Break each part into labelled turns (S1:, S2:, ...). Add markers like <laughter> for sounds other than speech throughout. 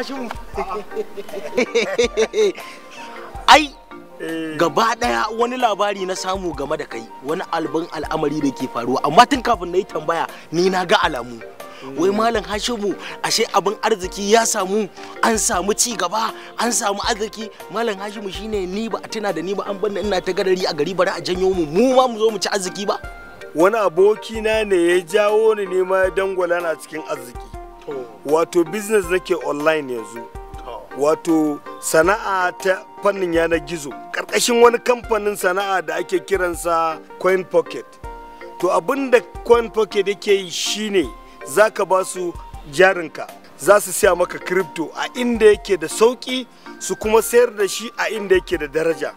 S1: <laughs> ai gaba daya wani labari na samu game da kai wani albin al'amari da ke faruwa amma tun kafin na yi tambaya ni na ga alamu wai malam hashimu ashe abin arziki ya samu an samu ci gaba an samu arziki malam hashimu shine ni ba a tuna da ni ba an banna ina ta gadari a gari bari a janyo mu mu ma mu zo mu ci arziki ba wani abokina ne ya jawo ni ne ma dangwala na cikin arziki wato business ke online yanzu wato sana'a ta fannin yanar gizo ƙarƙashin wani kamfanin sana'a da ake kiransa coin pocket to abin da coin pocket yake yi shine za ka ba su jarinka za su siya maka crypto a inda yake da sauƙi su kuma sayar da shi a inda yake da daraja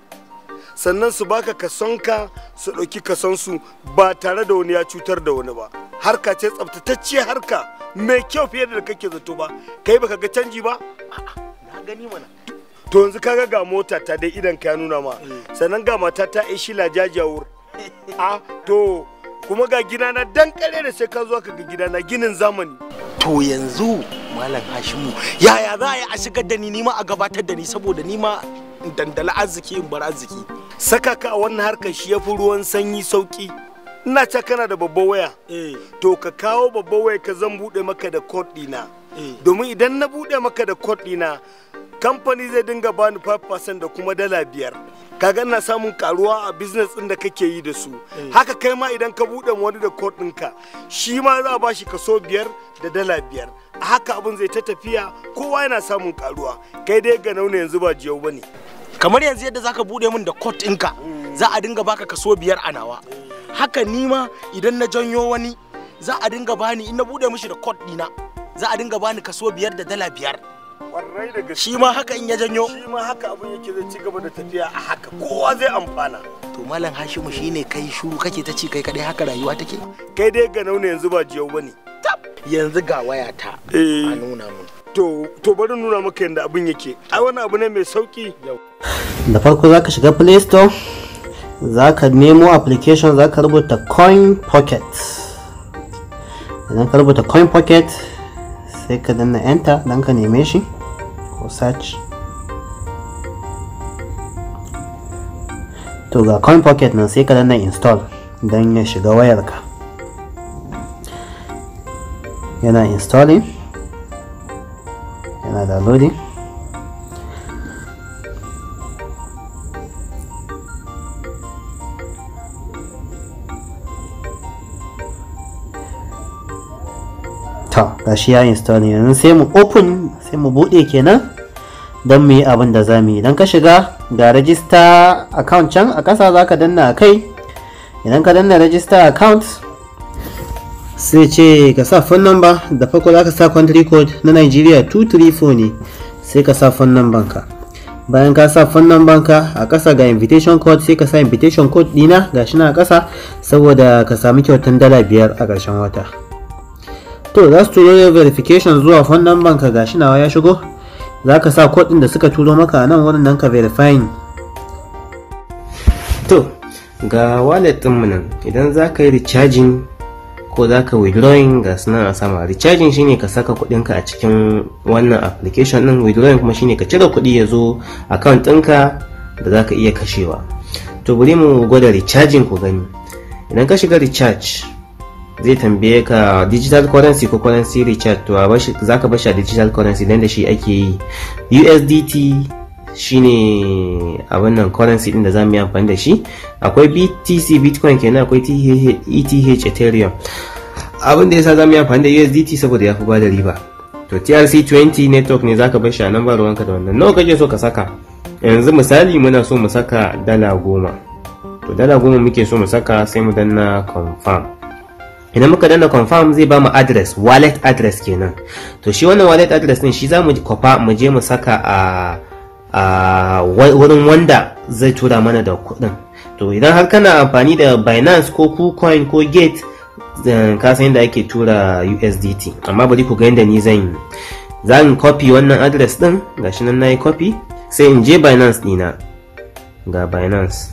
S1: sannan su baka kasonka su ɗauki kasonsu ba tare da wani ya cutar da wani ba harka ce tsabtatacciyar harka mai kyau fiye da kake zato ba kai baka ga canji ba na gani mana to yanzu kaga ga mota ta dai idan ka nuna ma eh. sannan ga mata ta ishi lajajawur a to kuma ga na dan kare da sai ka zo ka ga na ginin zamani to yanzu malam hashimu yaya za a yi a shigar da ni nima a gabatar da ni saboda nima dandala arziki in bar arziki saka ka a wannan harkar shi ya fi ruwan sanyi sauki ina ce kana da babban waya eh. to ka kawo babban waya ka zan bude maka da code dina eh. domin idan na bude maka da code dina kamfani zai dinga bani 5% da kuma dala biyar kaga ina samun karuwa a business din da kake yi da su eh. haka kai ma idan ka bude wani da code ɗinka shi ma za a bashi kaso biyar da dala biyar a haka abin zai ta tafiya kowa yana samun karuwa kai dai ga nauna yanzu ba jiyau bane kamar yanzu yadda zaka bude min da code ɗinka mm. za a dinga baka kaso biyar a nawa haka ni ma idan na janyo wani za a dinga bani in na bude mishi da code dina za a dinga bani kaso biyar da dala biyar shi ma haka in ya janyo shi ma haka abin yake zai ci gaba da tafiya a haka kowa zai amfana to malam hashimu shine kai shuru kake ta ci kai kadai haka rayuwa take kai dai ga nauna yanzu ba jiyau bane yanzu ga wayata eh. a nuna mun to to bari nuna maka yanda abin yake ai wani abu ne mai sauki
S2: da farko zaka shiga play store za ka nemo application za ka rubuta coin pocket idan ka rubuta coin pocket sai ka danna enter don ka neme shi ko search to ga coin pocket nan sai ka danna install don ya shiga wayarka yana installing yana downloading gashi ya installing yanzu sai mu open sai mu bude kenan don mu yi abin da za mu yi don ka shiga ga register account can a ƙasa za ka danna kai idan ka danna register account sai ce ka sa phone number da farko za ka sa country code na nigeria 234 ne sai ka sa phone number ka bayan ka sa phone number ka a ƙasa ga invitation code sai ka sa invitation code dina gashi na a ƙasa saboda ka sami kyautan dala biyar a ƙarshen wata to za su turo verification zuwa fannin banka ka gashi nawa ya shigo za ka sa kodin da suka turo maka nan wurin nan ka verifying to ga wallet mu nan idan za ka yi recharging ko za ka withdrawing ga suna a sama recharging shine ka saka kuɗinka a cikin wannan application ɗin withdrawing kuma shine ka cire kuɗi ya zo account ɗinka da za ka iya kashewa to bari mu gwada recharging ku gani idan ka shiga recharge zai tambaye ka digital currency ko currency Richard. to za ka bashi a digital currency dan da shi ake yi usdt shine abin nan currency din da za mu yi amfani da shi akwai btc bitcoin kenan akwai eth ethereum abin da yasa za mu yi amfani da usdt saboda ya fi ba da riba to trc20 network ne za bar shi a nan ba ruwanka da wannan nawa kake so ka saka yanzu misali muna so mu saka dala goma to dala goma muke so mu saka sai mu danna confirm ina muka danna confirm zai ba mu address wallet address kenan to shi wannan wallet address din shi zamu mu mu je mu saka a a wurin wanda zai tura mana da kuɗin to idan har kana amfani da binance ko kucoin ko gate ka san yadda ake tura usdt amma bari ku ga yadda ni zan yi zan copy wannan address din gashi nan nayi copy sai in je binance dina ga binance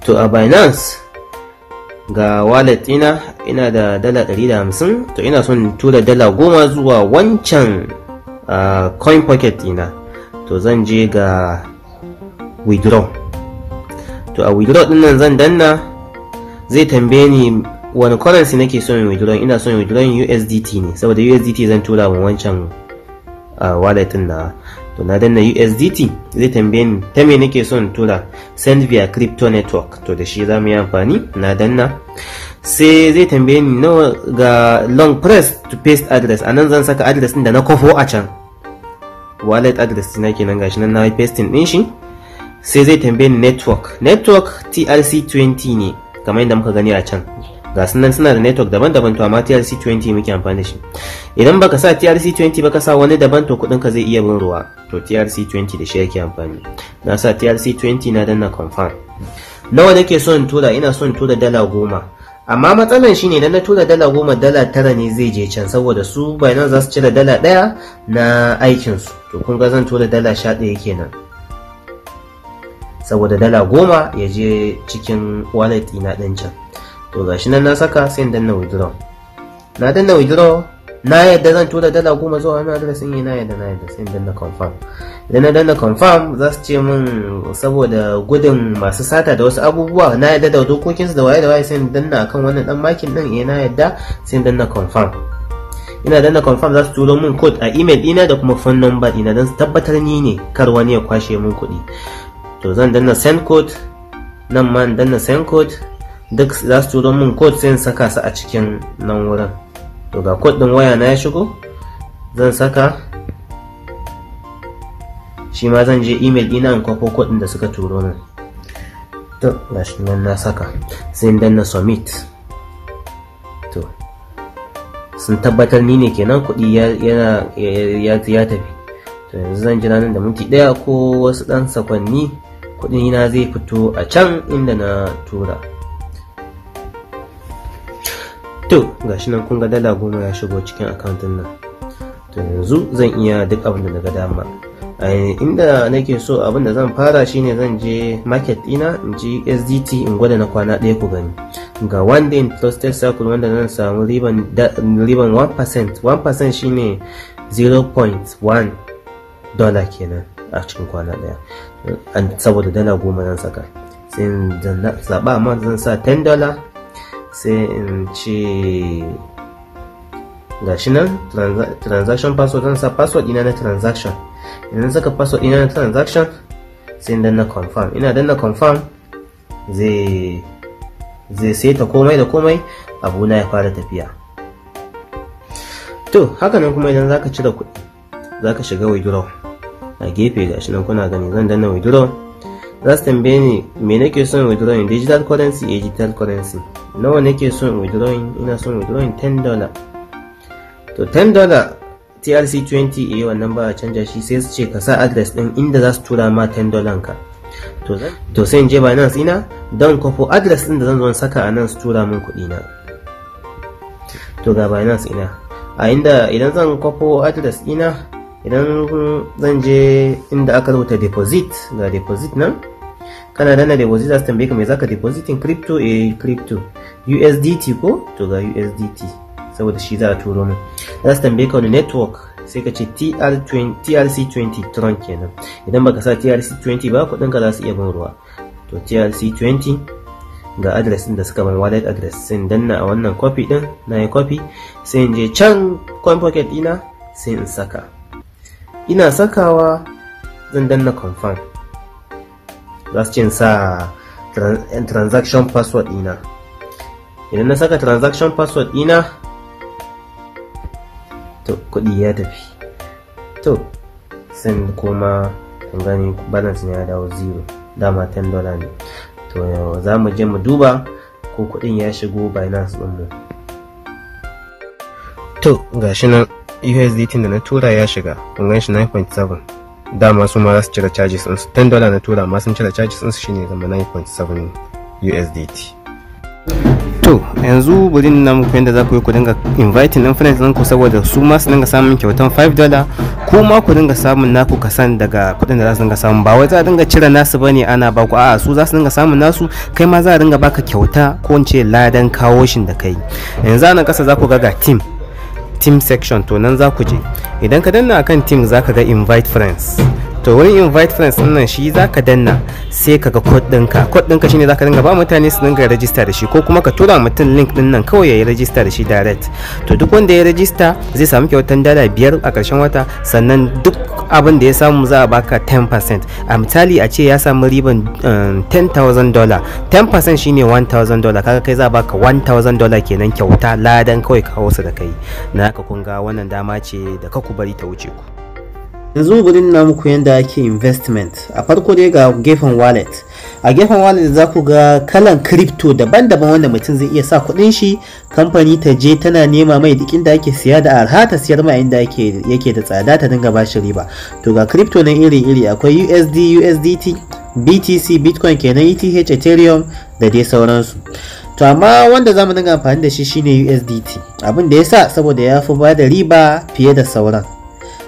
S2: to a binance ga wallet ina ina da dala 150 to ina son tura dala goma zuwa wancan uh, coin pocket ina to zan je ga withdraw to a withdraw din nan zan danna zai tambaye ni wani currency nake son withdraw ina son withdraw USDT ne saboda USDT zan tura wa wancan uh, wallet din na to na danna USDT zai tambaye ni ta me nake son tura send via crypto network to da shi zamu yi amfani na danna sai zai tambaye ni nawa ga long press to paste address anan zan saka address din da na kofo a can wallet address na kenan gashi nan na pasting din shi sai zai tambaye ni network network TRC20 ne kamar yadda muka gani a can ga sunan suna da network daban-daban to amma TRC20 muke amfani da shi idan baka sa TRC20 ba ka sa wani daban to kudin ka zai iya bin ruwa to TRC20 da shi yake amfani na sa TRC20 na danna confirm nawa nake so in tura ina so in tura dala goma amma matsalan shine idan na tura dala goma dala tara ne zai je can saboda su bayanan za su cire dala daya na aikin su to kun ga zan tura dala sha ɗaya kenan saboda dala goma ya je cikin wallet ina ɗin can to gashi nan na saka sai dan danna withdraw na danna withdraw na yadda zan tura dala goma zuwa wani adres ne eh, yi na yadda na yadda sai dan danna confirm idan na danna confirm za su ce min saboda gudun masu sata da wasu abubuwa na yadda da su da waye da waye sai dan danna akan wannan dan makin din eh na yadda sai dan danna confirm ina danna confirm za su turo min code a email dina da kuma phone number dina don su tabbatar ni ne kar wani ya kwashe min kuɗi to zan danna send code nan ma danna send code duk za su turo min code sai saka su a cikin nan wurin to ga code din waya na ya shigo zan saka shi ma zan je email ina in kwafo code din da suka turo min to ga shi nan na saka sai dan na submit to sun tabbatar ni ne kenan kuɗi yana ya tafi to yanzu zan jira nan da minti ɗaya ko wasu ɗan sakonni, kuɗi na zai fito a can inda na tura to gashi nan kun ga dala goma ya shigo cikin akwantin nan to yanzu zan iya duk abin da na ga dama inda nake so abin da zan fara shine zan je market ɗina, in ji sdt in gwada na kwana ɗaya ku gani ga one day trusted circle wanda zan samu riban 1% 1% shine 0.1 dollar kenan a cikin kwana ɗaya saboda dala goma zan saka sai zan zaɓa amma zan sa 10 dollar sai in ce ga shi nan transaction password zan sa password ina na transaction idan saka password ina na transaction sai in danna confirm ina danna confirm zai zai saita komai da komai Abu na ya fara tafiya to hakanan kuma idan zaka cire kuɗi zaka shiga withdraw a gefe ga shi nan kuna gani zan danna withdraw za su tambaye ni me nake son withdrawing digital currency a digital currency nawa nake son withdrawing ina son withdrawing 10 to 10 trc 20 a wannan ba a canja shi sai su ce ka sa adres din inda za su tura ma 10 ka to sai in je binance ina don kwafo adres din da zan zo saka a nan su tura min kuɗi na to ga binance ina a inda idan zan kwafo adres ina idan zan je inda aka rubuta deposit ga deposit nan kana dana deposit za su tambaye ka me zaka depositin crypto a eh, crypto USDT ko to ga USDT saboda shi za a turo mu za su tambaye ka wani network sai ka ce TRC20 Tron kenan idan baka sa TRC20 ba kudin ka za su iya bin ruwa to TRC20 ga adres din da suka bar wallet address sai danna a wannan copy din na yi copy sai in je can coin pocket dina sai in saka ina sakawa zan danna confirm za su ce sa transaction password dina idan na saka transaction password dina to kudi ya tafi to send kuma kun gani balance ne ya dawo zero dama 10 dollar ne to za mu je mu duba ko kudin ya shigo binance din mu to gashi nan USDT da na tura ya shiga kun gan shi 9.7 dama su ma za su cire charges ɗinsu 10 dollar na tura ma sun cire charges ɗinsu shine zama 9.7 USDT to yanzu bari na muku yadda za ku yi ku dinga inviting ɗin friends ɗinku saboda su ma su dinga samun kyautan 5 dollar ko ma ku dinga samun naku kasan daga kuɗin da za su dinga samun ba wai za a dinga cire nasu ba ne ana baku a'a su za su dinga samun nasu kai ma za a dinga baka kyauta ko in ce ladan kawo shin da kai yanzu a nan ƙasa za ku ga ga team team section to nan za ku je idan ka danna akan team za ka ga invite friends to wurin invite friends din nan shi zaka danna sai kaga code dinka code ɗinka shine zaka dinga ba mutane su dinga register da shi ko kuma ka tura mutum link din nan kawai yayi register da shi direct to duk wanda ya register zai samu kyautan dala biyar a ƙarshen wata sannan duk abin da ya samu za a baka 10% a misali a ce ya samu riban $10,000 eh, 10% shine $1,000 kaga kai za a baka $1,000 kenan kyauta ladan kawai kawo su da kai na ka kun ga wannan dama ce da ka ku bari ta wuce ku yanzu gudun na muku yadda ake investment a farko dai ga gefen wallet a gefen wallet za ku ga kalan crypto daban-daban wanda mutum zai iya sa kuɗin shi kamfani ta je tana nema mai duk inda ake siya da arha ta siyar ma inda yake da tsada ta dinga bashi riba to ga crypto na iri-iri akwai usd usdt btc bitcoin kenan eth ethereum da dai sauransu to amma wanda zamu dinga amfani da shi shine usdt abin da ya sa saboda ya fi ba da riba fiye da sauran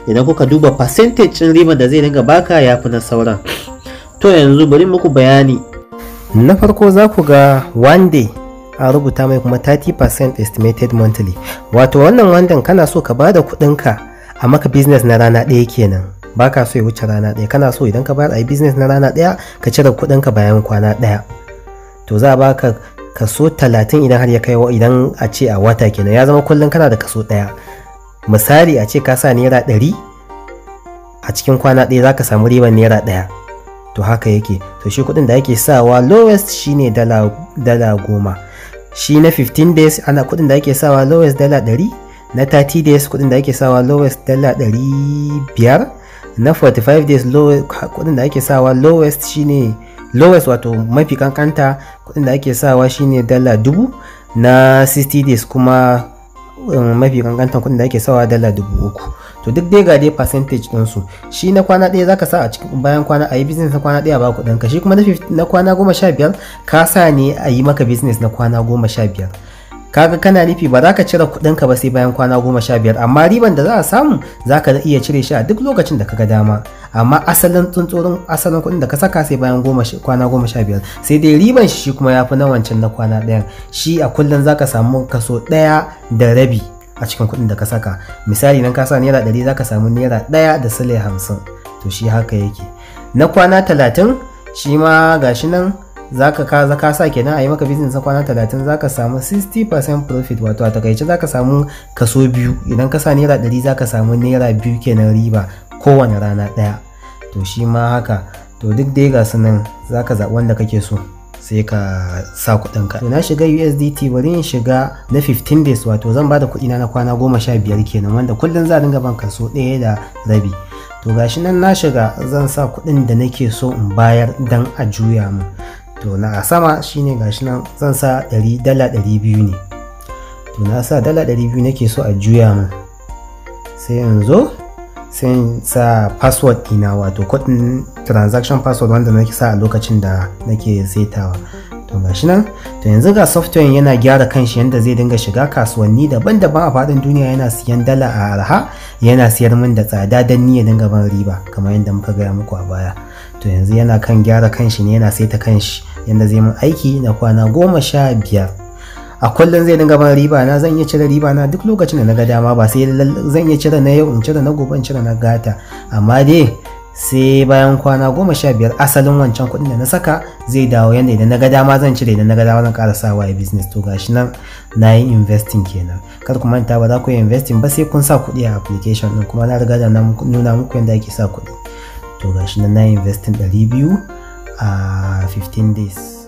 S2: idan kuka duba percentage ɗin riba da zai dinga baka ya fi na sauran to yanzu bari muku bayani na farko za ku ga one day a rubuta mai kuma 30% estimated monthly wato wannan wandan kana so ka bada kuɗinka a maka business na rana ɗaya kenan ba ka so ya wuce rana ɗaya kana so idan ka bada a yi business na rana ɗaya ka cire kuɗinka bayan kwana ɗaya to za a baka kaso 30 idan har ya kai idan a ce a wata kenan ya zama kullum kana da kaso ɗaya misali a ce ka sa naira ɗari a cikin kwana ɗaya za ka samu riban naira ɗaya to haka yake to shi kuɗin da ake sawa lowest shine dala goma shi na 15 days ana kuɗin da ake sawa lowest dala ɗari na 30 days kuɗin da ake sawa lowest dala ɗari biyar na 45 days kuɗin da ake sawa lowest shine lowest wato mafi kankanta kuɗin da ake sawa shine dala dubu na 60 days kuma mafi kankantan kuɗin da ake sawa dala dubu uku to duk dai ga dai percentage din su shi na kwana ɗaya zaka sa a cikin bayan kwana a yi business na kwana ɗaya ba kuɗin ka shi kuma na kwana goma sha biyar ka sa ne a yi maka business na kwana goma sha biyar kaga kana nufi ba za ka cire kuɗin ka ba sai bayan kwana goma sha biyar amma riban da za a samu za ka iya cire shi a duk lokacin da ka ga dama amma asalin tsuntsurin asalin kuɗin da ka saka sai bayan kwana goma sha biyar sai dai riban shi kuma ya fi na wancan na kwana ɗayan shi a kullum za ka samu kaso ɗaya da rabi a cikin kuɗin da ka saka misali nan ka sa naira ɗari za ka samu naira ɗaya da sule hamsin to shi haka yake na kwana talatin shi ma gashi nan zaka ka zaka sa kenan a yi maka business kwana 30 zaka samu 60% profit wato a takaice zaka samu kaso biyu idan ka sa naira 100 zaka samu naira biyu kenan riba kowane rana daya to shi ma haka to duk dai ga su zaka zaɓi wanda kake so sai ka sa kuɗin ka to na shiga USDT bari in shiga na 15 days wato zan bada kuɗi na kwana goma sha biyar kenan wanda kullun za dinga ban kaso ɗaya da rabi to gashi nan na shiga zan sa kuɗin da nake so in bayar dan a juya mu to na sama shine gashi nan zan sa dala ɗari biyu ne to na sa dala ɗari biyu nake so a juya min sai yanzu sai sa password dina wato kudin transaction password wanda nake sa a lokacin da nake saitawa to gashi nan to yanzu ga software yana gyara kanshi yadda zai dinga shiga kasuwanni daban-daban a faɗin duniya yana siyan dala a arha yana siyar min da tsada don ni dinga ban riba kamar yadda muka gaya muku a baya to yanzu yana kan gyara kanshi ne yana saita kanshi Yanda zai mun aiki na kwana goma sha biyar a kullum zai dinga ban riba na zan iya cire riba na duk lokacin da na ga dama ba sai zan iya cire na yau in cire na gobe in cire na gata amma dai sai bayan kwana goma sha biyar asalin wancan kuɗin da na saka zai dawo yadda idan na ga dama zan cire idan na ga dama zan ƙara sawa wa business to gashi nan na yi investing kenan kar ku manta ba za ku yi investing ba sai kun sa kuɗi a application ɗin kuma na riga da nuna muku yadda ake sa kuɗi to gashi nan na yi investing ɗari biyu uh, 15 days